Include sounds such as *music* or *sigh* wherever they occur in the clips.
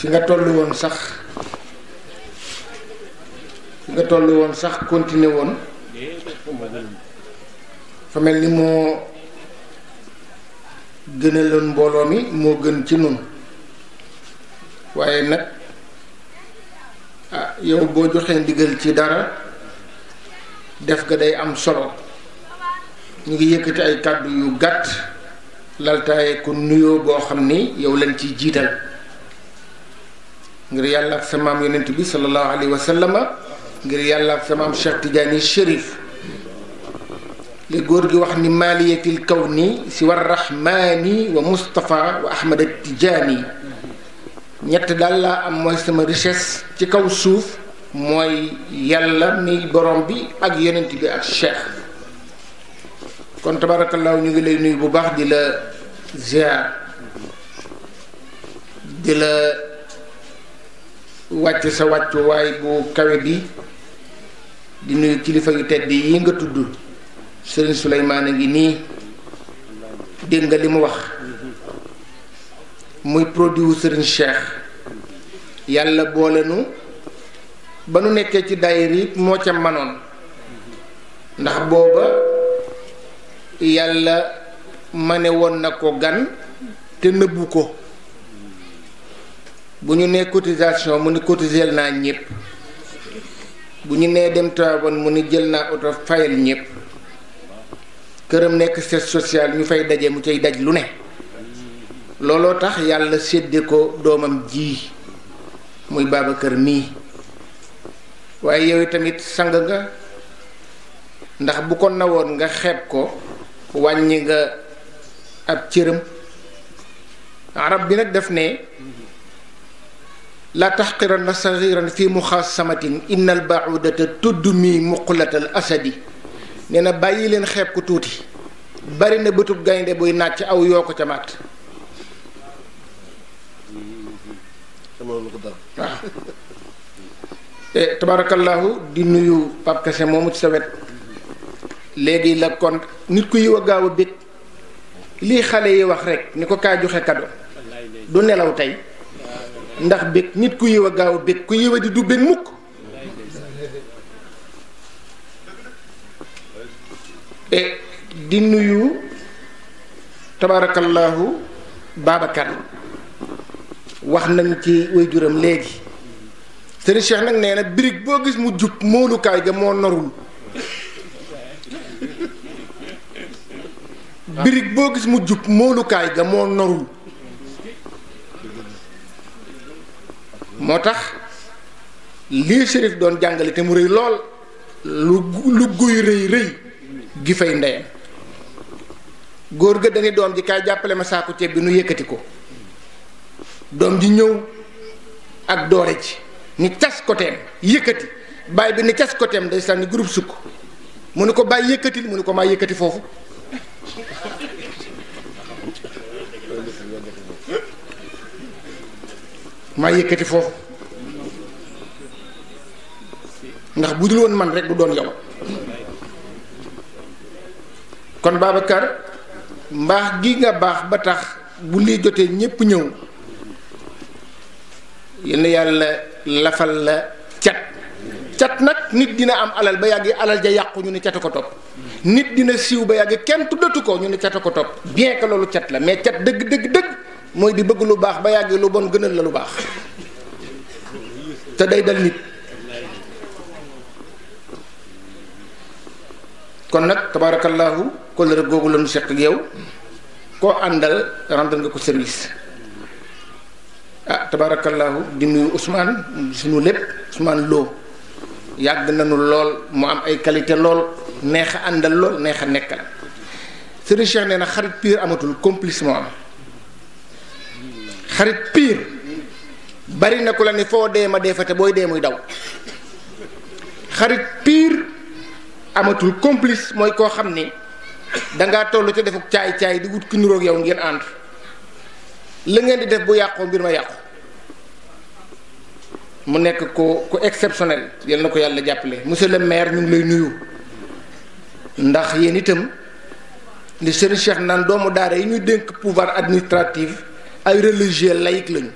fi nga toll woon sax fi nga tollu woon sax continué woon fa mel ni moo gënaloon mbooloo mi moo gën ci nun waaye nag ah yow boo joxee ndigal ci dara def ga day am solo ñu ngi yëkkati ay kàddu yu gàtt laltaaye ku nuyoo boo xam ni yow lañ ci jiital ngir yàlla ak sa maam yonent bi sallallahu alayhi wa sallama ngir yàlla ak sa maam Cheikh Tidiane Chérif li góor gi wax ni maaliyatil kawni si war rahmaani wa Moustapha wa Ahmad Tidiane ñett daal laa am mooy sama richesse ci kaw suuf mooy yàlla mi borom bi ak yonent bi ak cheikh kon tabaarakallaahu ñu ngi lay nuyu bu baax di la ziar di la. wàcc sa wàccuwaay bu kawe bi di kilifa yu tedd yi nga tudd sëriñ Souleymane a ngi nii dégg nga li mu wax muy produit wu sëriñ Cheikh yàlla boole nu ba nu nekkee ci daayir yi moo ca manoon ndax booba yàlla ne woon na ko gan te nëbbu ko bu ñu nee cotisation mu ne cotiseel naa ñëpp bu ñu nee dem Tivaouane mu ni jël naa oto fayal ñëpp këram nekk siège social ñu fay daje mu cay daj lu ne looloo tax yàlla sédde ko doomam ji muy kër mii waaye yow tamit sang nga ndax bu ko nawoon nga xeeb ko wàññi nga ab cëram arab bi nag daf ne la taxqiranna saxiran fi muxaasamatin innal baudata tudd mi muqulatal asadi nee na bàyyi leen xeeb ko tuuti bari na bëtub gaynde buy nàcc aw yoo ko ca matt waaw *laughs* eh, tabaarakallaahu di nuyu Pape Kassé moomu ci sa wet léegi la kon nit ku yiw a gaaw a bég lii xale yi wax rek ni ko kaa joxe kado du nelaw tey ndax bég nit ku yiw a gaaw bég ku yiw a di du bég mukk e di nuyu tabaarakallaahu Babacar wax nañ ci waajuram léegi sëriñ Cheikh nag nee na birig boo gis mu jub moolukaay ga moo norul birig boo gis mu jub moolukaay ga moo norul moo tax lii shérif doon jàngale te mu rëy lool lu lu guy rëy rëy gi fay ndeyam góor gi dani doom ji kaay jàppale ma saaku ceeb bi nu yëkkati ko doom ji ñëw ak doore ci ni tas koteem yëkkati baay bi ni cas koteem day sànni groupe sukk mu ne ko bàyyi yëkkatil mu ne ko maa yëkkati foofu maa yëkkati foofu ndax bu dul woon man rekk du doon yow kon Babacar mbaax gi nga baax ba tax bu lii jotee ñépp ñëw yenn yàlla lafal la cat cat nag nit dina am alal ba yàgg alal ja yàqu ñu ne cata ko topp nit dina siiw ba yàgg kenn tuddatu ko ñu ne cata ko topp bien que loolu cat la mais cat dëgg dëgg dëgg mooy di bëgg lu baax ba yàgg lu bon gënal la lu baax te day dal nit kon nag tabaarakallaahu kóllëre googu la ñu seq yow koo àndal rendre nga ko service ah tabaarakallaahu di nuyu Ousmane suñu lépp Ousmane Lo yàgg nañu lool mu am ay qualité lool neex a àndal lool neex a nekkal Serigne Cheikh nee na xarit pire amatul complice am. xarit piir bari na ku la ni foo dee ma dee fa te booy dee muy daw xarit piir amatul complice mooy koo xam ni dangaa toll ci defuk caay caay di wut ki niroog yow ngeen ànd la ngeen di def bu yàqoo mbir ma yàqu mu nekk ko ku exceptionnel yal na ko yàlla jàppale monsieur le maire ñu ngi lay nuyu ndax yéen itam li sëriñ Cheikh naan doomu daara yi ñuy dénk pouvoir administratif ay religieux laïque lañu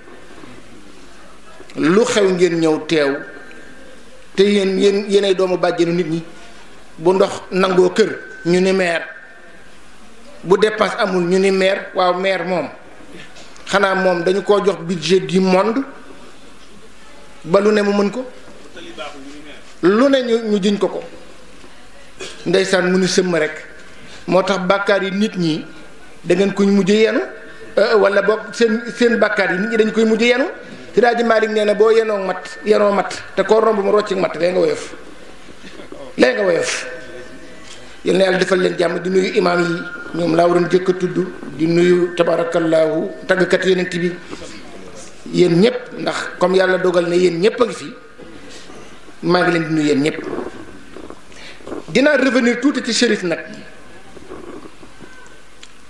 lu xew ngeen ñëw teew te yéen yéen yéenay doomu bàjjenu nit ñi bu ndox nangoo kër ñu ni meer bu dépense amul ñu ni meer waaw meer moom xanaa moom dañu koo jox budget du monde ba lu ne mu mën ko lu ne ñu ñu jiñ ko ko ndeysaan mu ni sëmm rek moo tax bàkkaar yi nit ñi da ngeen ko mujj yenu Euh, wala boog seen seen bàkkaar yi nit ñi dañ koy mujj yenu si daa ji Malick nee na boo yenoo mat yenoo mat te koo romb mu rocc mat lee nga woyof lee nga woyof yal na defal leen jàmm di nuyu imaam yi ñoom laa waroon jëkk a tudd di nuyu tabaarakallaahu tàggkat yonent bi yéen ñëpp ndax comme yàlla dogal na yéen ñëpp a ngi fi maa ngi leen di nuyu yéen ñëpp dinaa revenir tuuti ci shérif nag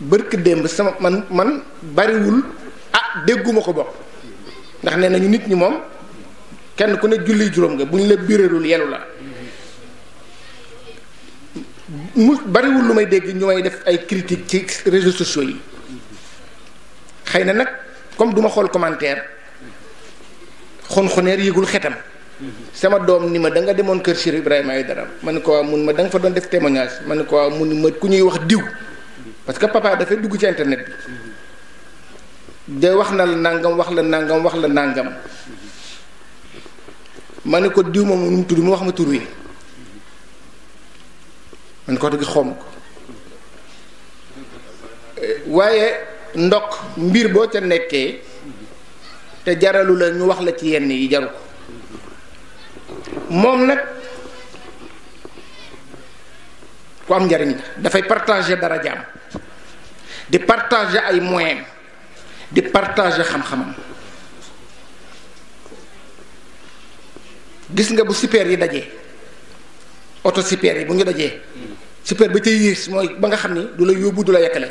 bërk démb sama man man bariwul ah dégguma ko bopp ndax nee nañu nit ñi moom kenn ku ne julli juróom nga bu ñu la biralul yelu la mu bariwul lu may dégg ñu may def ay critique ci réseaux sociaux yi xëy na nag comme duma xool commentaire xonxoneer yëgul xetam sama doom ni ma da nga demoon kër Cheikh Ibrahima Aïdara ma ne ko waaw mun ma da nga fa doon def témoignage ma ne ko waaw mun ma ku ñuy wax diw parce que papa dafay dugg ci internet bi de wax na la nangam wax la nangam wax la nangam ma ne ko diw ma nu mu tudd mu wax ma tur wi man ko dëgg xom ko waaye ndok mbir boo ca nekkee te jaralu la ñu wax la ci yenn yi jaru moom nag ku am njariñ la dafay partager dara jaam di partager ay moyen di partager xam-xamam gis nga bu super yi daje oto super yi bu ñu dajee super ba ca yées mooy ba nga xam ni du la yóbbu du la yekkale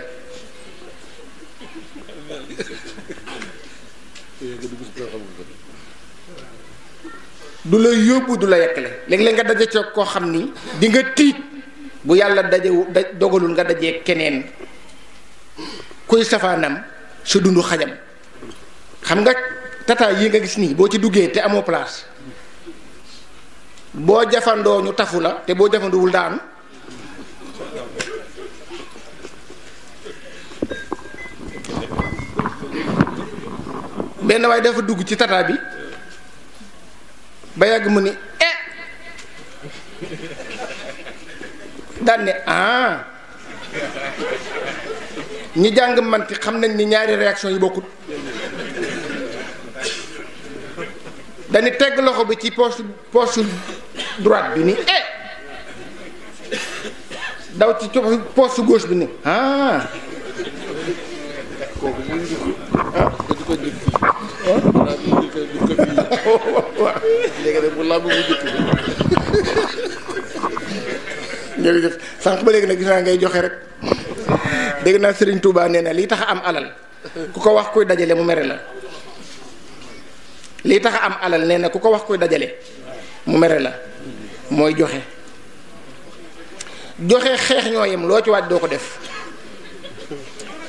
du la yóbbu la yekkale léeg-léeg nga daje ca koo xam ni di nga tiit bu yàlla daje dogalul nga dajee keneen kuy safaanam su dund xajam xam nga tata yi nga gis nii boo ci duggee te amoo place boo jafandoo nu tafu la te boo jafanduwul daan benn waaye dafa dugg ci tata bi ba yàgg mu ni eh daan ne ah ñi jàng manti xam nañ ni ñaari réaction yi bokkut dañu tegg loxo bi ci poche poche droite bi ni eh daw ci su gauche bi nii ah kooku ba léegi nag gis naa ngay joxe rek dégg naa sëriñ Touba nee na lii tax am alal ku ko wax kuy dajale mu mere la lii tax am alal nee na ku ko wax kuy dajale mu mere la mooy joxe joxe xeex ñoo yem loo ci waaj doo ko def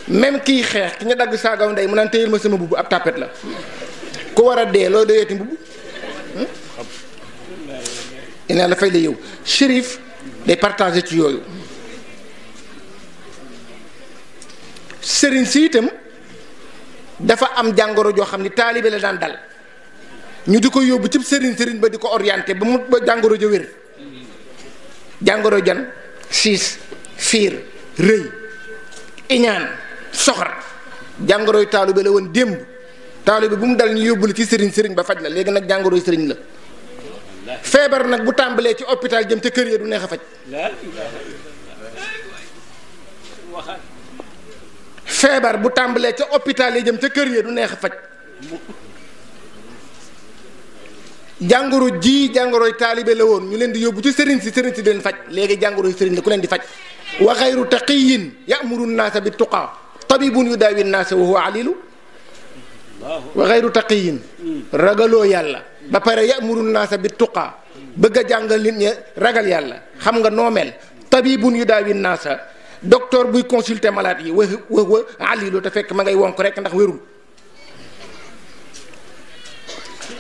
même kii xeex ki nga dagg saagaw ndey mu naan téyel ma sama mbubb ak tàppet la ku war a dee loo doyeeti mbubb ina la fay la yow shérif day partagé ci yooyu sëriñ siitam dafa am jàngoro joo xam ni taalibe la daan dal ñu di ko yóbbu ci sëriñ sëriñ ba di ko orienté ba mu jàngoro ja wér jàngoro jan siis fiir rëy iñaan soxor jàngoroy taalibe la woon démb taalibe bu mu dal ñu yóbbu la ci sëriñ sëriñ ba faj la léegi nag jàngoro sëriñ la feebar nag bu tàmbalee ci hôpital jëm ci kër ya du neex a faj feebar bu tàmbalee ca hôpital yi jëm ca kër yi du neex a faj jàngoro ji jàngoroy taalibe la woon ñu leen di yóbbu ci sëriñ si sëriñ si leen faj léegi jàngoroy sëriñ la ku leen di faj wa xayru taqiyin yamuru naasa bi tuqaa tabibun yu daawi naasa wa huwa alilu wa ragaloo yàlla ba pare ya yamuru naasa bi tuqaa bëgg a jàngal nit ñi ragal yàlla xam nga noomeel tabibun yu daawi naasa docteur buy consulter malade yi wa wa wa alilu ah, te fekk ma ngay wonk rek ndax wérul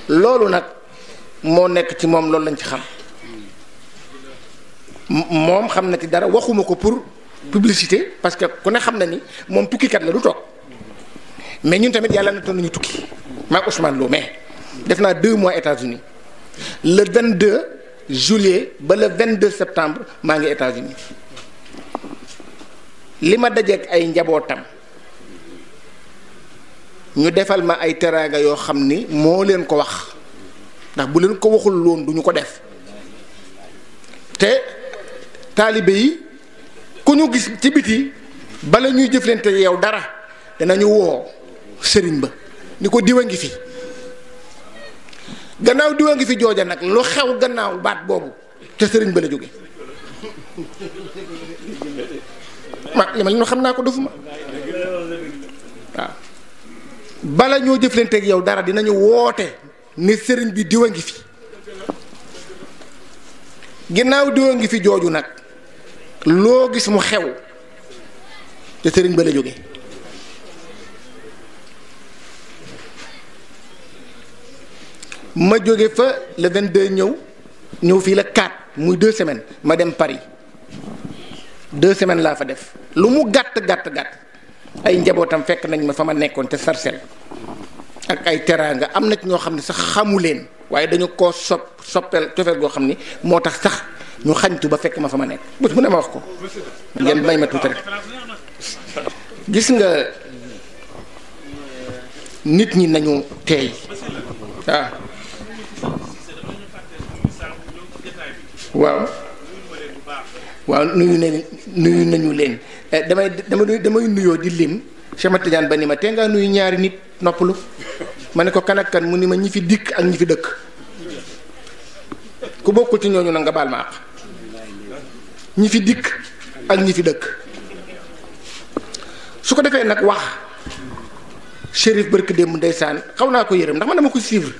loolu nag moo nekk ci moom loolu lañ ci xam moom xam na ci dara waxuma ko pour publicité parce que ku ne xam na ni moom tukkikat la du toog mais ñun tamit yàlla nattoon nañu tukki maag Ousmane Lo mais def naa deux mois États-Unis le 22 juillet ba le 22 septembre maa ngi États-Unis li ma dajeek ay njabootam ñu defal ma ay teraanga yoo xam ni moo leen ko wax ndax bu leen ko waxul woon du ñu ko def te taalibe yi ku ñu gis ci biti bala ñuy jëf jëflante yow dara danañu woo sëriñ ba ni ko diwa ngi fi gannaaw diwa ngi fi jooja nag lu xew gannaaw baat boobu te sëriñ ba la jóge ma li ma leen xam naa ko defuma waaw bala ñoo jëflanteeg yow dara dinañu woote ni sëriñ bi diw a ngi fi ginnaaw a ngi fi jooju nag loo gis mu xew te sëriñ ba la jóge ma jóge fa le 22 ñëw ñëw fii la 4 muy deux semaine ma dem Paris deux semaine laa fa def lu mu gàtt gàtt gàtt ay njabootam fekk nañ ma fa ma nekkoon te sarcel ak ay teraanga am na ñoo xam ne sax xamu leen waaye dañu koo sopp soppeel cofeel goo xam ne moo tax sax ñu xañtu ba fekk ma fa ma nekk bés mu ne ma wax ko ngeen may ma tuuti rek gis nga nit ñi nañu teey waaw waaw waaw nuyu nañ nuyu nañu leen eh, damay damay damay nuyoo di lim Cheikh Ahmed ba ni ma te ngaa nuyu ñaari nit noppalu ma ne ko kan kan mu ni ma ñi fi dikk ak ñi fi dëkk ku bokkul ci ñooñu nag nga baal ma àq ñi fi dikk ak ñi fi dëkk su ko defee nag wax Chérif barki démb ndeysaan xaw naa ko yërëm ndax ma dama ko suivre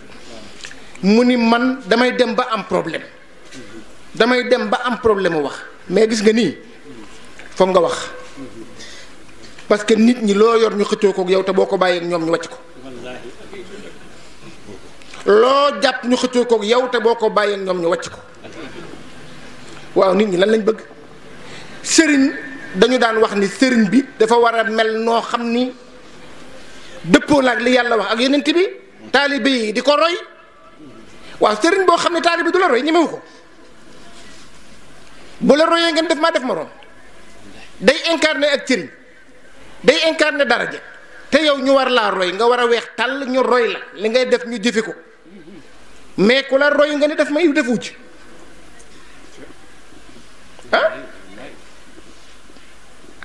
mu ni man damay dem ba am problème damay dem ba am problème wax. mais gis nga nii foog nga wax parce que nit ñi loo yor ñu xëccoo ko yow te boo ko bàyyee ak ñoom ñu wàcc ko loo jàpp ñu xëccoo ko yow te boo ko bàyyee ak ñoom ñu wàcc ko waaw nit ñi lan lañ bëgg sëriñ dañu daan wax ni sëriñ bi dafa war a mel noo xam ni dëppoo la li yàlla wax ak yeneen bi taalibe yi di ko roy waaw sëriñ boo xam ne taalibe du la roy ñemewu ko bu la royee ngeen def maa def moroom day incarné ak cëriñ day incarné daraja te yow ñu war laa roy nga war a weex tàll ñu roy la li ngay def ñu jëfe ko mais ku la roy nga ne def may defu ci ah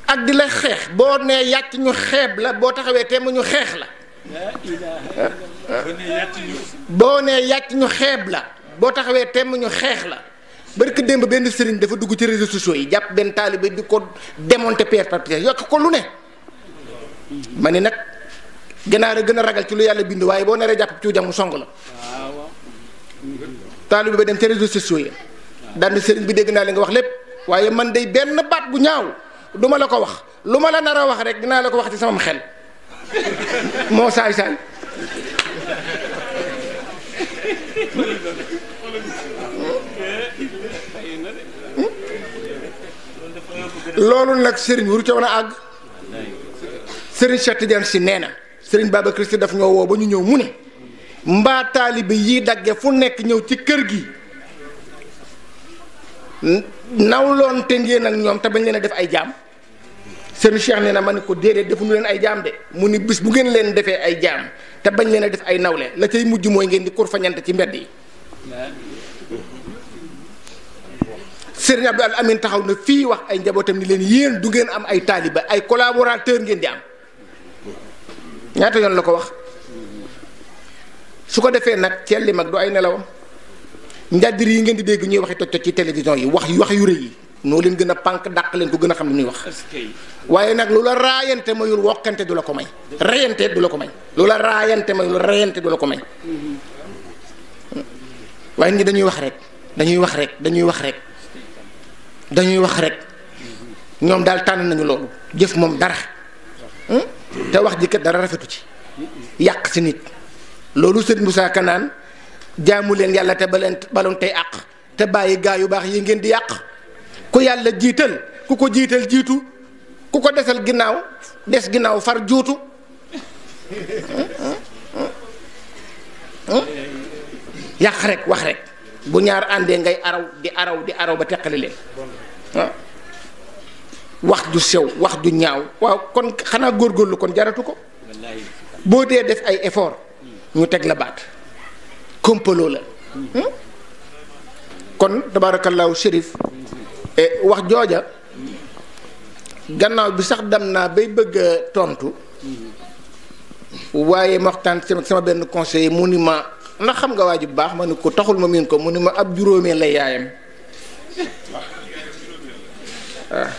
ak di la xeex boo nee yàcc ñu xeeb la boo taxawee temm ñu xeex la boo nee yàcc ñu xeeb la boo taxawee temm ñu xeex la barke démb benn sëriñ dafa dugg ci réseaux sociaux yi jàpp benn taalibe di ko démonter pierre par yokk ko lu ne ma ni nag ganaar a gën a ragal ci lu yàlla bind waaye boo naree jàpp cuujam mu song la taalibe ba dem ci réseaux sociaux yi daandi sëriñ bi dégg naa li nga wax lépp waaye man de benn baat bu ñaaw duma la ko wax lu ma la nar a wax rek dinaa la ko wax ci samam xel moo saay saay loolu nag sëriñ waru ca mën a àgg Serigne Cheikh Tidiane si nee na Serigne Babacar Sy daf ñoo woo ba ñu ñëw mu ne mbaa taalibe yi dagge fu nekk ñëw ci kër gi nawloon te ngeen ak ñoom te bañ leen def ay jaam Serigne Cheikh nee na ma ne ko déedéet defuñu leen ay jaam de mu ni bis bu ngeen leen defee ay jaam te bañ leen a def ay nawle la cay mujj mooy ngeen di kur fañante ci mbedd yi. Serigne Abdou Al Amin taxaw na fii wax ay njabootam ni leen yéen du ngeen am ay taaliba ay collaborateur ngeen di am ñaata yoon la ko wax su ko defee nag ceel li mag du ay nelawam njàddir yi ngeen di dégg ñuy waxi toj toj ci télévision yi wax wax yu rëy yi noo leen gën a pànk dàq leen ko gën a xam li ñuy wax waaye nag lu la raayante mayul wokkante du la ko may rayante du la ko may lu la raayante mayul rayante du la ko may mm-hmm. waaye nit ñi dañuy wax rek dañuy wax rek dañuy wax rek dañuy wax rek ñoom daal tànn nañu loolu jëf moom dara te wax ji kat dara rafetu ci yàq si nit loolu sëriñ Moussa Kanaan jaamu leen yàlla te baleen baloon tey àq te bàyyi gaa yu baax yi ngeen di yàq ku yàlla jiital ku ko jiital jiitu ku ko desal ginnaaw des ginnaaw far juutu yàq rekk wax rekk bu ñaar àndee ngay araw di araw di araw ba teqali leen ah. wax ju sew wax ju ñaaw waaw kon xanaa góor góorlu kon jaratu ko boo dee def ay effort ñu teg la baat kompaloo la hmm? kon tabaarakallaahu shérif e, wax jooja gannaaw bi sax dem naa bay bëgg tontu waaye ma waxtaan sama benn conseiller mu ni ma ndax xam nga waa ji bu baax ma ne ko taxul ma miin ko mu ne ma ab juróomee la yaayam ah.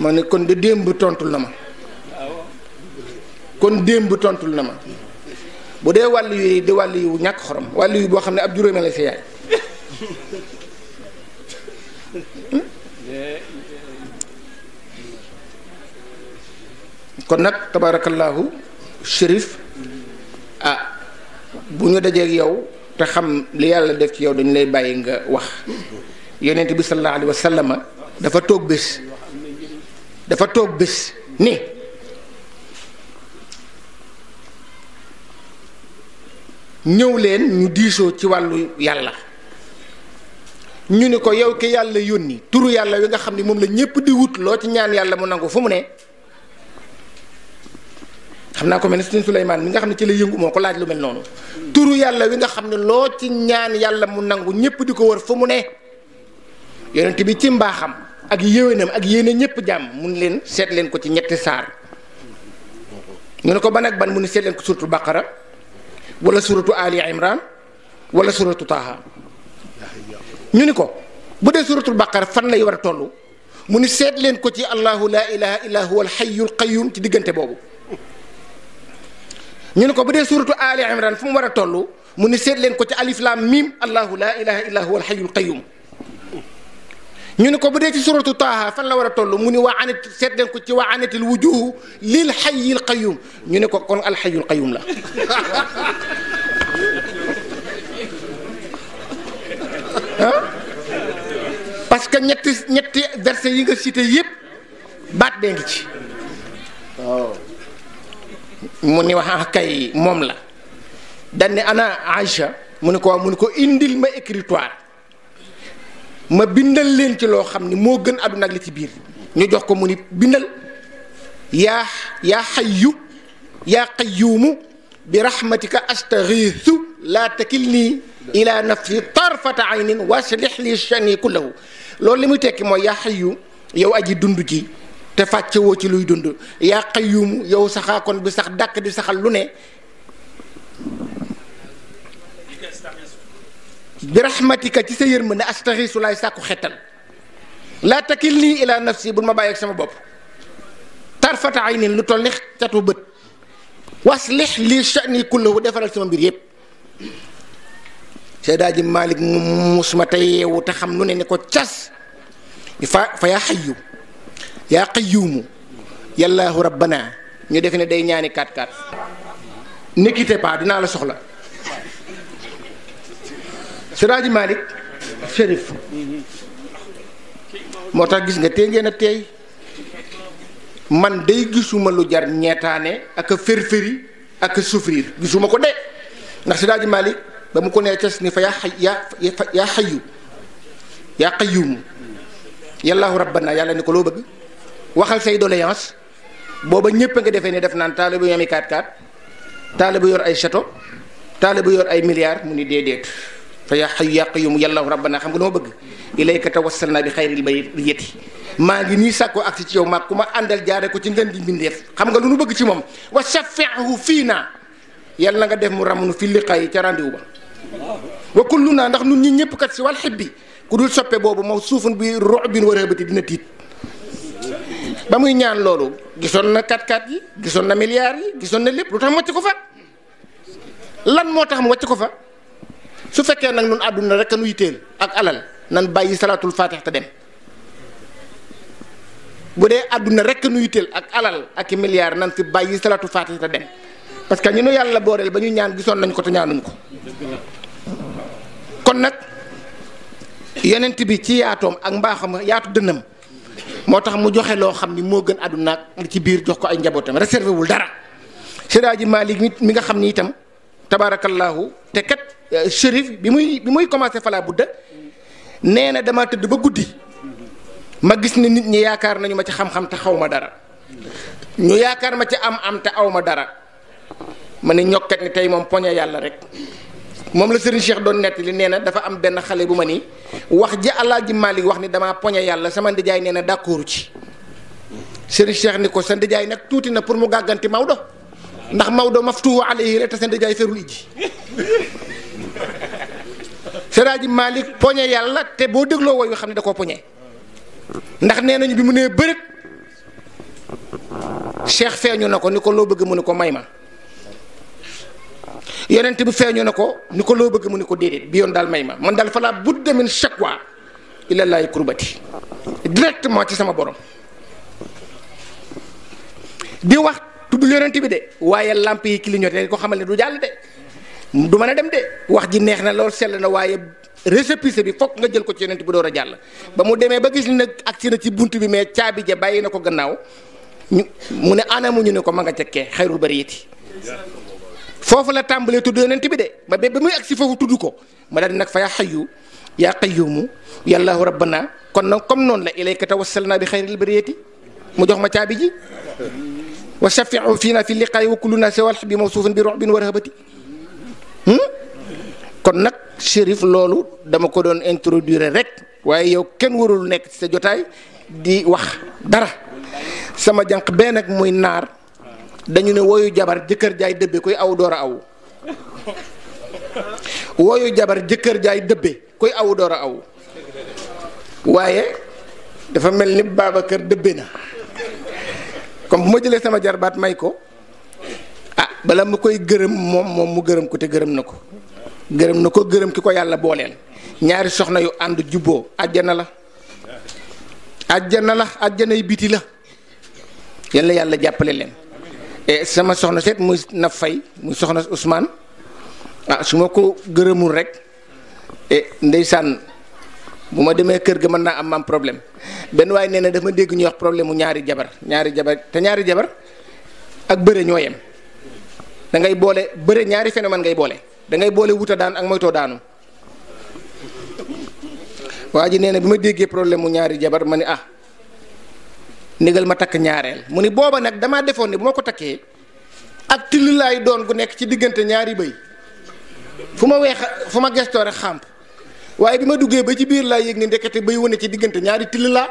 ma ne kon de démb tontul na ma kon démb tontul na ma bu dee wàll yi di wàll yu ñàkk xorom wàll yi boo xam ne ab juróomee la sa yaay kon nag tabaarakallaahu shérif ah bu ñu dajeeg yow te xam li yàlla def ci yow dañu lay bàyyi nga wax yonent bi sallallahu alayhi wa sallama dafa toog bés dafa toog bés ni ñëw leen ñu diisoo ci wàllu yàlla ñu ni ko yow ki yàlla yónni turu yàlla wi nga xam ni moom la ñépp di wut loo ci ñaan yàlla mu nangu fu mu ne xam naa ko mel ne sëñ Souleymane mi nga xam ne ci la yëngu moo ko laaj lu mel noonu turu yàlla wi nga xam ne loo ci ñaan yàlla mu nangu ñëpp di ko war fu mu ne yonent bi ci mbaaxam ak yéwénam ak yéene ñëpp jàmm mun leen seet leen ko ci ñetti saar ñu ne ko ban ak ban mu ne seet leen ko wala suratu ali imran wala suratu ñu ni ko bu dee suratul fan lay war a toll mu ni seet leen ko ci allahu laa ilaha illa huwa alxayyul qayyum ci diggante boobu ñu ne ko bu dee suuratu Ali Imran fu mu war a toll mu ni seet leen ko ci alif laam miim allahu laa ilaha illa huwa alxayul qayyum ñu ne ko bu dee ci suuratu Taaha fan la war a toll mu ni waa anit seet leen ko ci waa anatil wujuhu lil xayyil qayyum ñu ne ko kon alxayul qayyum la *laughs* ah? parce que ñetti ñetti versets yi nga cité yëpp baat bee ngi ci waaw mu ni wax ah, kay moom la dañ ne ana Aïcha mu ne ko waaw mu ne ko indil ma écritoire ma bindal leen ci loo xam ni moo gën àdduna ak li ci biir ñu jox ko mu ni bindal yaa yaa xayyu yaa qayyuumu bi rahmatika astaxiisu laa takilnii ilaa nafsi tarfata aynin waslix li shani kullahu loolu li muy tekki mooy yaa xayyu yow aji dund ji te fàccewoo ci luy dund yaa xayyumu yow saxaakoon bi sax dàq di saxal lu ne bi rahmatika ci sa yërmande astaxiisu laay sàkku xettal laa takki nii ilaa nafsi bul ma bàyyi ak sama bopp tarfata ay nin lu toll ni catu bët waslix lii sha'ni kullahu defaral sama mbir yépp Seydaa ji Maalik mu mus ma te te xam lu ne ni ko cas fa fa yaa xayyu yaa qayyuumu yàllaahu rabbana ñu def ne day ñaani kaat kaat ne quittez pas dinaa la soxla Siraaji Malik Chérif moo tax gis nga tey ngeen a teey man day gisuma lu jar ñeetaane ak a fërfëri ak a gisuma ko de ndax Siraaji Malik ba mu ko nee cas ni fa yaa xay yaa yaa xayu yaa qayyuum yàllaahu rabbana yàlla ni ko loo bëgg waxal say doléance booba ñëpp nga defee ni def naan taale bu yami 4-4 taale bu yor ay château taale bu yor ay milliards mu ni déedéet fa yaa xayu yaa qayumu yàlla rabbana xam nga lu ma bëgg ilayka tawassalna bi xayril bariyati maa ngi nii sàkkoo agsi ci yow maag ku ma àndal jaare ko ci ngeen di mbindeef xam nga lu nu bëgg ci moom wa shafi'ahu fii naa yàlla na nga def mu ramunu fi liqaayi ca randiwu ba waa wa lu naa ndax nun ñi ñëpp kat si wal xib bi ku dul soppe boobu maw suufun bi rox bin war a hëbati dina tiit ba muy ñaan loolu gisoon na kat-kat yi gisoon na milliards yi gisoon na lépp lu tax mu wàcc ko fa lan moo tax mu wàcc ko fa su fekkee nag nun àdduna rek a nuy ak alal nan bàyyi salaatul faatix te dem bu dee àdduna rek a nuy ak alal ak i milliards nan fi bàyyi salaatul faatix te dem parce que ñu nu yàlla booreel ba ñu ñaan gisoon nañ ko te ñaanuñ ko kon nag yonent bi ci yaatoom ak mbaaxam yaatu dënnam moo tax mu joxe loo xam ni moo gën àdduna ak li ci biir jox ko ay njabootam réservé wul dara Seydi ji Malick nit mi nga xam ni itam tabaarakallaahu te kat euh, shérif bi muy bi muy commencé falaa budda nee na dama tëdd ba guddi ma gis ne nit ñi yaakaar nañu ma ci xam-xam te xaw ma dara ñu yaakaar ma ci am am te aw dara ma ne ñokkat ni tey moom poñe yàlla rek moom la sëriñ Cheikh doon nettali nee na dafa am benn xale bu ma ni wax ji Alaaji Maalik wax ni damaa poñe yàlla sama ndijaay nee na d'accordu ci sëriñ Cheikh ni ko sa ndijaay nag tuuti na pour mu gàgganti Maodo ndax Maodo maftuhu alayhi rek te sa ndijaay ferul ijji Seraaji Maalik poñe yàlla te boo dégloo woyu xam ne da koo poñe ndax nee nañu bi mu nee bërët Cheikh feeñu na ko ni ko loo bëgg mu ne ko may ma yonent bi feeñu na ko ni ko loo bëgg mu ne ko déedéet bi yoon daal may ma man daal falaa budda min shakwa ila lay kurbati directement ci sama borom di wax tudd yonent bi de waaye lamp yi clignoté ko xamal ne du jàll de du man a dem de wax ji neex na lool sell na waaye récépissé bi fokk nga jël ko ci yonent bi door a jàll ba mu demee ba gis ni nag agsi na ci bunt bi mais caabi ja bàyyi na ko gannaaw ñu mu ne anamu ñu ne ko ma nga ca kee xayrul bariyati foofu la tàmbalee tudd yonent bi de ba ba muy agsi foofu tudd ko ma daal di nag fa yaa xayu yaa qayyumu yàllaahu rabbana kon nag comme noonu la ilayka tawassalna bi xayril bariyati mu jox ma caabi ji wa shafiu fiina fi liqaayi wa kullu naasi walx bi mawsuufin bi ruxbin wa rahabati hmm? kon nag shérif loolu dama ko doon introduire rek waaye yow kenn warul nekk ci sa jotaay di wax dara sama janq bee muy naar dañu ne woyu jabar jëkkër jaay dëbbe koy aw door a aw woyu jabar jëkkër jaay dëbbe kuy aw door a aw waaye dafa mel ni kër dëbbe na comme bu ma jëlee sama jarbaat may ko a ah, bala mu koy gërëm moom moom mu gërëm ko te gërëm na ko gërëm na ko gërëm ki ko yàlla booleel ñaari soxna yu ànd jubboo àjjana la àjjana la àjjanay biti la yàlla yàlla jàppale leen sama soxna seet muy naf fay muy soxna Ousmane ah su ma ko gërëmul rek eh, ndeysaan bu ma demee kër ga mën naa am am problème benn waaye nee na dafa dégg ñuy wax problème mu ñaari jabar ñaari jabar te ñaari jabar ak bëre ñoo yem da boole bëre ñaari man ngay boole da ngay boole wuta daan ak moytoo daanu waa ji nee na bi ma déggee problème mu ñaari jabar ma ni ah néegal ma takk ñaareel mu ni booba nag damaa defoon ni bu ma ko takkee ak till doon gu nekk ci diggante ñaari bëy fu ma weex fu ma gestoo rek xàmp waaye bi ma duggee ba ci biir laa yëg ni ndekete bëy wane ci diggante ñaari till laa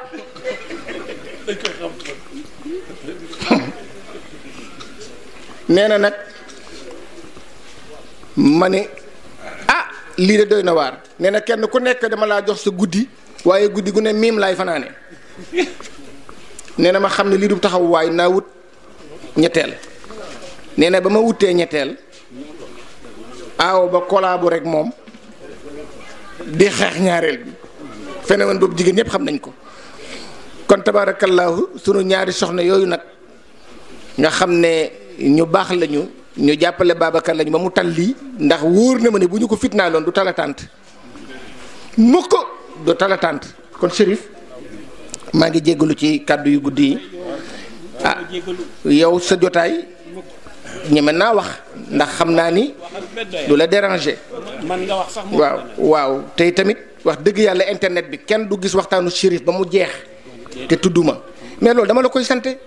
na nag ma ne ah lii de doy na waar nee na kenn ku nekk dama laa jox sa guddi waaye guddi gu ne miim laay fanaane nee na ma xam ne lii du taxawuwaay naa wut ñetteel nee na ba ma wutee ñetteel aaw ba kolaabu rek moom di xeex ñaareel bi phénomène boobu jigéen ñëpp xam nañ ko kon tabaarakallaahu sunu ñaari soxna yooyu nag nga xam ne ñu baax lañu ñu jàppale Babacar lañu ba mu tal lii ndax wóor na ma ne bu ñu ko fitnaaloon du tala tànt mukk du tala tànt kon Chérif maa ngi jéggalu ci kàddu yu guddi yi ah yow sa jotaay ñeme naa wax ndax xam naa ni lu la déranger waaw waaw tey tamit wax dëgg yàlla internet bi kenn du gis waxtaanu shérif ba mu jeex te ma mais loolu dama la koy sante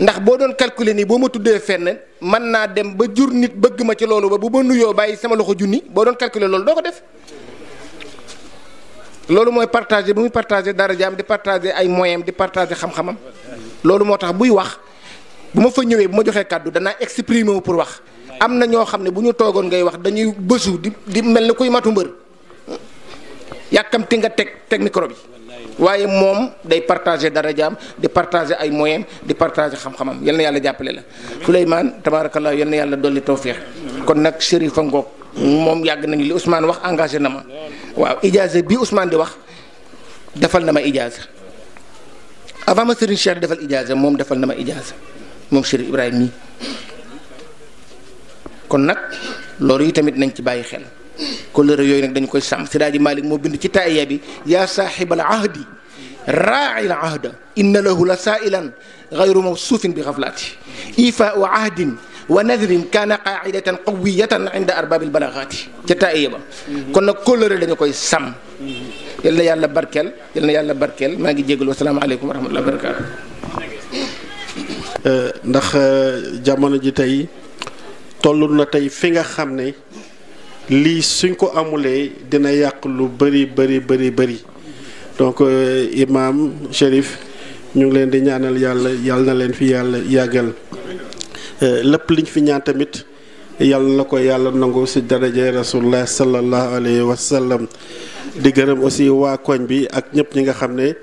ndax boo doon calculer nii boo ma tuddee fenn man naa dem ba jur nit bëgg ma ci loolu ba bu ma nuyoo bàyyi sama loxo junni boo doon calculer loolu doo ko def loolu mooy partagé bu muy partagé darajaam jaam di partagé ay moyens di partagé xam-xamam loolu moo tax buy wax bu ma fa ñëwee bu ma joxee kàddu danaa exprimer wu pour wax am na ñoo xam ne bu ñu toogoon ngay wax dañuy bësu di di mel ni kuy matu mbër yàkkamti nga teg teg waaye moom day partagé dara jaam di partagé ay moyen di partagé xam-xamam yal na yàlla jàppale la Souleymane tabaarakallaa yal na yàlla dolli tawféex kon nag Chérif a ngoog moom yàgg nañu li Ousmane wax engagé na ma waaw ijaaza bi Ousmane di wax defal na ma ijaaza avant ma Serigne Cheikh defal ijaaza moom defal na ma ijaaza moom Chérif Ibrahima mii kon nag loolu yi tamit nañ ci bàyyi xel kóllëre yooyu nag dañu koy sàmm Siraaji Malik moo bind ci taaya bi yaa saaxibal ahdi raaci al ahda inna lahu la saailan gayru mawsuufin bi xaflaati ifaa u ahdin wa nadrin kaana qaidatan qawiyatan inda arbaabil balagaati ca taaiya ba kon nag kóllëre dañu koy sàmm yal na yàlla barkeel yàlla barkeel maa ngi jégalu asalaamaaleykum wa rahmatulah barakaatu euh, ndax euh, jamono ji tey toll na tey fi nga xam ne lii suñ ko amulee dina yàq lu bari bëri bari bëri donc euh, imaam Chérif ñu ngi leen di ñaanal yàlla yàlla na leen fi yàlla yàggal Eh, lépp liñ fi ñaan tamit yàlla na ko yàlla nangu si daraje rasulullah sallallahu alayhi wa sallam di gërëm aussi waa koñ bi ak ñëpp ñi nga xam ne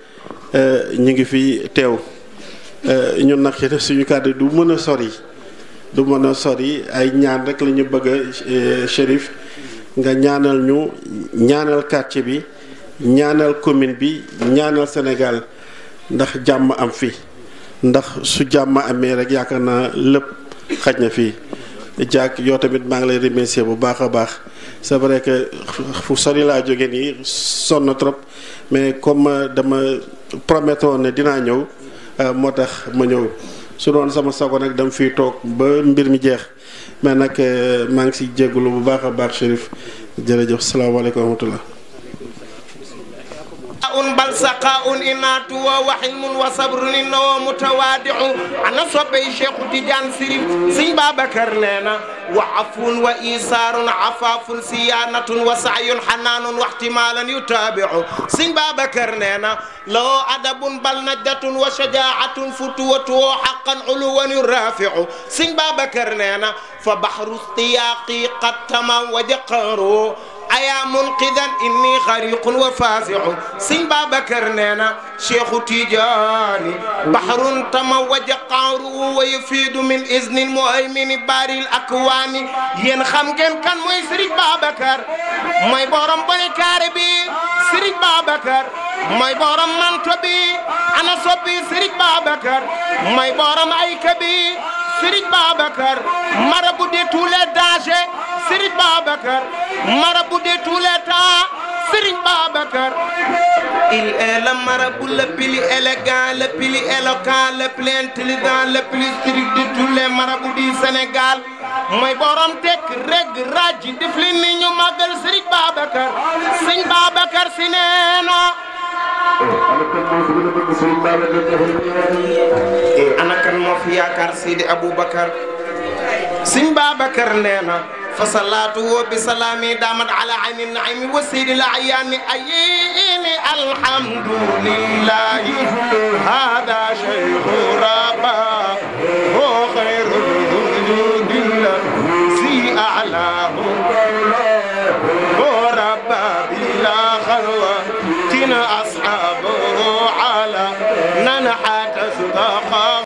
eh, ñu ngi fi teew eh, ñun nag suñu kàddu du mën a sori du mën a sori ay ñaan rek la ñu bëgg a nga ñaanal ñu ñaanal quartier bi ñaanal commune bi ñaanal senegal ndax jàmm am fi ndax su jàmm amee rek yaakaar naa lépp. xaj na fii Diack yow tamit maa ngi lay remercier bu baax a baax c'est vrai que fu sori laa jóge nii sonn na trop mais comme euh, dama promettoon ne dinaa ñëw euh, moo tax ma ñëw su doon sama sago nag dama fi toog ba mbir mi jeex mais nag euh, maa ngi si jégalu bu baax a baax Chérif jërëjëf salaamaaleykum wa rahmatullah un bal saqaun inaatu wa wa hilmun wa sabrun innahu mutawaadiu ana soppey cheikhu tidiane sirif sëñ babacar nee na wa afun wa isaarun afaafun siyaanatun wa saayun xanaanun waxtimaalan yutaabiu sëñ babacar nee na loo adabun bal najdatun wa shajaatun futuwatu woo xaqan uluwan yuraafiu sëñ babacar nee na fa baxru tiyaaqi qad tamam wa jaqaru ayaa munqidan inni xariqun wa faasixu sëñ Babacar nee na cheikhu Tijaani bahrun tamawaja qaaru wa yufiidu min izni muhaymini baaril akwaani yéen xam ngeen kan mooy Serigne Babacar mooy borom bone kaare bi Serigne Babacar mooy borom manto bi ana soppi Serigne Babacar mooy borom ayka bi Serigne Babacar marabout de tous les dangers Serigne Babacar marabout de tous les temps Serigne Babacar il est le marabout le plus élégant le plus éloquent le plus intelligent le plus strict de tous les marabouts du Sénégal mooy borom tek reg raj def li ni ñu màggal Serigne Babacar Serigne Babacar si oh, Eh, ana kan moo fi yaakaar Seydi Aboubacar Sëñ fa salaatu bi salaami daamat ala ayni naimi wa seydi la ayaani ayini alhamdulillahi hada cheikhu raba ho xayrul wujudillah si alaahu صدق